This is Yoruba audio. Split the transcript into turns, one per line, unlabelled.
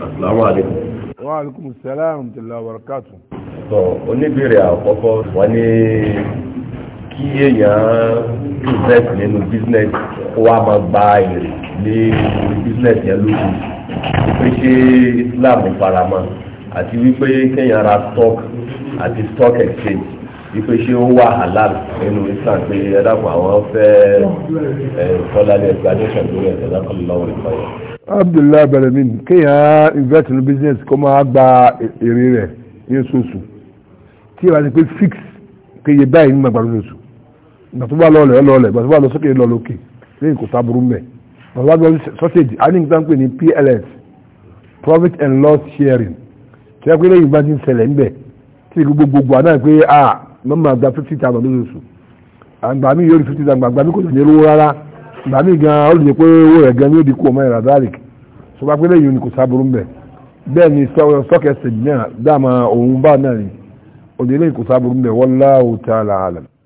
Assalamu alaikum.
Wa alaikum salam tìlá warakatu.
Sọ oníbèrè àkọ́kọ́ wọ́n ní kí èèyàn invest nínú business kó wá máa gba èrè ní business yẹn lójú. Pé ṣé Islam faramọ́ àti wípé kéèyàn ra stock àti stock exchange wípé ṣé ó wà halal nínú Islam pé ẹ dákun àwọn fẹ́ ẹ̀ kọ́lá ní explanation lórí ẹ̀ ẹ̀ dákun lọ́wọ́ ìfọyín.
Abdullahi Balamin kéèyàn invest in business kó máa gba èrè rẹ̀ ní oṣooṣù tí ìwà ni pé fix kéye báyìí ní màgbà lóṣù ìgbà tó bá lọ́ọ̀lẹ̀ lọ́ọ̀lẹ̀ ìgbà tó bá lọ sókè lọ lókè lẹ́yìn kò sábúrú mẹ́ ìgbà tó bá lọ sausage a ní nǹkan pè ní PLS profit and loss sharing tí wọ́n pé lẹ́yìn bá ti ń ṣẹlẹ̀ ńbẹ̀ tí ìlú gbogbogbò àná pé a mọ́mọ́ àgbà fifty thousand lóṣooṣù àgbà mi yóò di fifty thousand àgbà mi kò sì ní owó rárá àgbà mi gan olùyẹ owó rẹ̀ gan ni ó kú ọmọ ìrà dáríkì sọba pé lẹ́yìn ni kò sábúrú mbẹ bẹ́ẹ̀ ni sọkẹsì náà dáàmà òun bá náà ni òdìlẹ kò sábúrú mbẹ wallahu ta'ala alam.